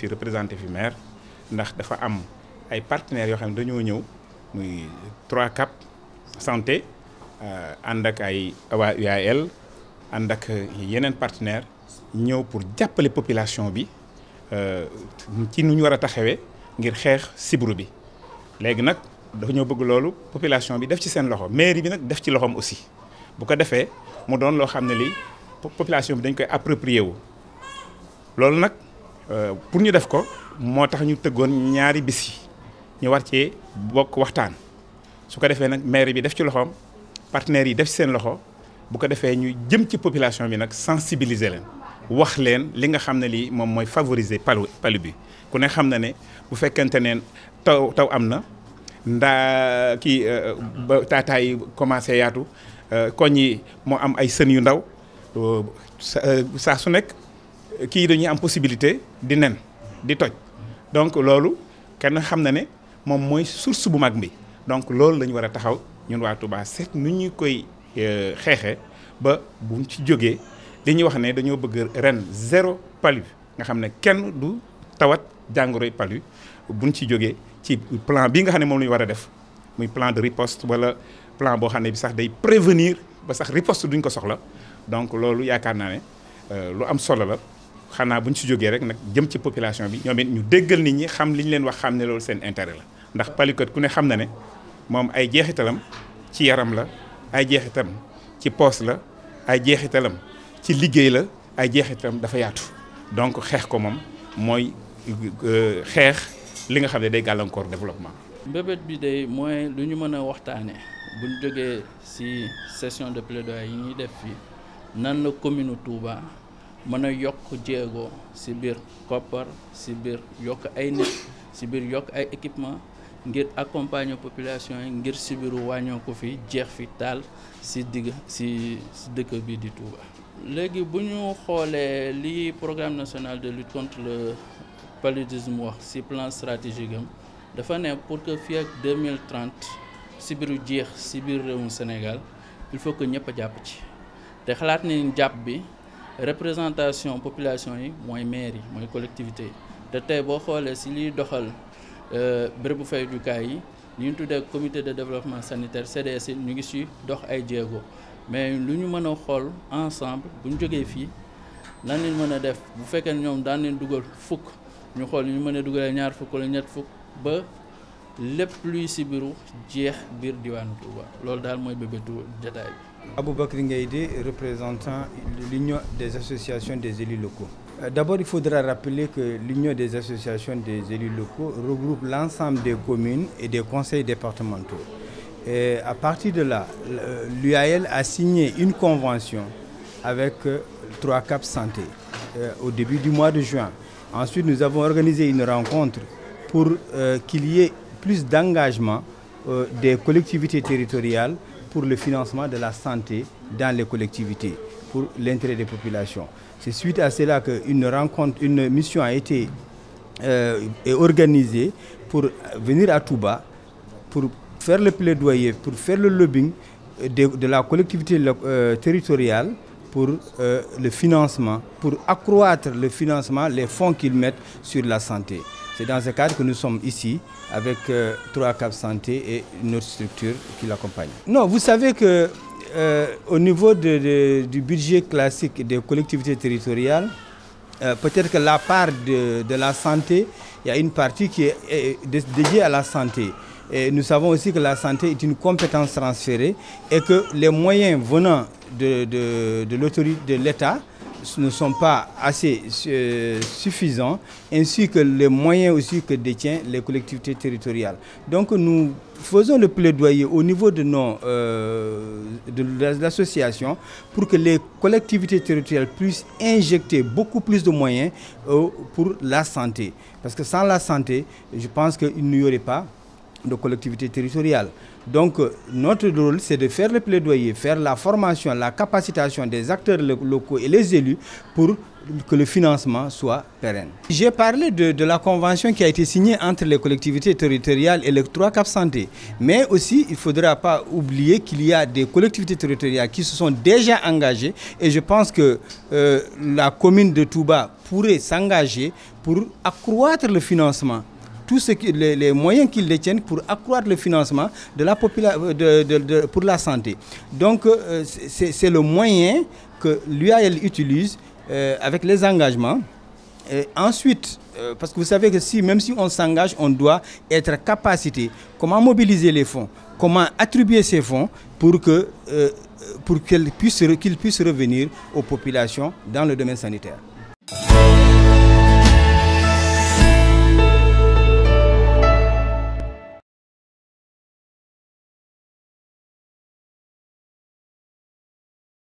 fi représenté fi maire ndax dafa am ay partenaires yoo xam ne dañoo ñëw muy 3CAP santé euh, ànd ak ay waa UAL ànd ak yeneen partenaires ñëw pour jàppale population bi euh, ci nu ñu war a taxawee ngir xeex sibru bi léegi nag dafa ñëw bëgg loolu population bi def ci seen loxo mairie bi nag def ci loxoom aussi bu ko defee mu doon loo xam ne lii population bi dañ koy approprier wu loolu nag. Euh, pour ñu def ko moo tax ñu tëggoon ñaari bis yi ñu war cee bokk waxtaan su ko defee nag maire bi def ci loxoom partenaires yi def ci seen loxo bu ko defee ñu jëm ci population bi nag sensibiliser leen wax leen li nga xam ne lii moom mooy favoriser palu palu bi ku ne xam na ne bu fekkente ne taw taw am na ndaa kii euh, ba taataay yi commencé yaatu euh, koñ yi moo am ay sën yu ndaw saa su nekk kii dañuy am possibilité di nen di toj donc loolu kenn xam na ne moom mooy source bu mag bi donc loolu la ñu war a taxaw ñun waa Touba seet nu ñu koy euh, xeexe ba buñ ci jógee li ñuy wax ne dañoo bëgg ren zéro palu nga xam ne kenn du tawat jàngoroy palu buñ ci jógee ci plan bi nga xam ne moom la ñu war a def muy plan de riposte wala plan boo xam ne bi sax day prévenir ba sax riposte duñ ko soxla donc loolu yaakaar naa ne euh, lu am solo la xanaa bu ñu si jógee rek nag jëm ci population bi ñoom it ñu déggal ni ñi xam li ñu leen wax xam ne loolu seen intérêt la ndax palikot ku ne xam na ne moom ay jeexitalam ci yaram la ay jeexitalam ci poos la ay jeexitalam ci liggéey la ay jeexitalam dafa yaatu donc xeex ko moom mooy euh, xeex li nga xam ne day gàllankoor développement. mbébét bi day mooy lu ñu mën a waxtaane bu ñu jógee si session de plaidoyer yi ñuy def fii nan la commune Touba. mën a yokk jéego si biir koppar si biir yokk ay nit si biir yokk ay équipement ngir accompagner population yi ngir si biiru wàññoo ko fi jeex fi taal si digg si dëkk bi di Touba. léegi bu ñu xoolee li programme national de lutte contre le paludisme wax si plan stratégique am dafa ne pour que fii ak 2030 si biiru jeex si biir réewum Sénégal il faut que ñëpp a jàpp ci te xalaat nañ jàpp bi. représentation population yi mooy maire yi mooy collectivité yi te tey boo xoolee si liy doxal euh, bérébu fayukaay yi ñu tuddee commité de développement sanitaire CDS ñu ngi suy dox ay jéego mais lu ñu mën a xool ensemble bu ñu jógee fii nan lañ mën a def bu fekkee ñoom daan leen dugal fukk ñu xool ñu mën a dugalee ñaar fukk la ñett fukk ba lépp luy si biiru jeex biir diwaanu Touba loolu daal mooy bébétu jataay bi. Aboubakri Ngaïdé, représentant l'Union des associations des élus locaux. Euh, d'abord, il faudra rappeler que l'Union des associations des élus locaux regroupe l'ensemble des communes et des conseils départementaux. Et à partir de là, l'UAL a signé une convention avec 3 euh, Cap Santé euh, au début du mois de juin. Ensuite, nous avons organisé une rencontre pour qu'il y ait plus d'engagement des collectivités territoriales pour le financement de la santé dans les collectivités, pour l'intérêt des populations. C'est suite à cela une rencontre, une mission a été euh, est organisée pour venir à Touba, pour faire le plaidoyer, pour faire le lobbying de, la collectivité euh, territoriale pour euh, le financement, pour accroître le financement, les fonds qu'ils mettent sur la santé. C'est dans ce cadre que nous sommes ici avec euh, trois Cap Santé et notre structure qui l'accompagne. Non, vous savez que euh, au niveau de, de, du budget classique des collectivités territoriales, euh, peut-être que la part de, de, la santé, il y a une partie qui est, est dédiée à la santé. Et nous savons aussi que la santé est une compétence transférée et que les moyens venant de l'autorité de l'État ne sont pas assez euh, suffisants, ainsi que les moyens aussi que détiennent les collectivités territoriales. Donc nous faisons le plaidoyer au niveau de, nos, euh, de l'association pour que les collectivités territoriales puissent injecter beaucoup plus de moyens euh, pour la santé. Parce que sans la santé, je pense qu'il n'y aurait pas de collectivités territoriales. Donc, euh, notre rôle, c'est de faire le plaidoyer, faire la formation, la capacitation des acteurs locaux et les élus pour que le financement soit pérenne. J'ai parlé de, la convention qui a été signée entre les collectivités territoriales et les trois Cap Santé. Mais aussi, il ne faudra pas oublier qu'il y a des collectivités territoriales qui se sont déjà engagées. Et je pense que euh, la commune de Touba pourrait s'engager pour accroître le financement tous ce qui, les, les moyens qu'ils détiennent pour accroître le financement de la popula euh, de, de, de, pour la santé. Donc euh, c'est le moyen que l'UAL utilise euh, avec les engagements. Et ensuite, euh, parce que vous savez que si, même si on s'engage, on doit être capacité. Comment mobiliser les fonds Comment attribuer ces fonds pour que euh, pour qu'ils puissent, qu puissent revenir aux populations dans le domaine sanitaire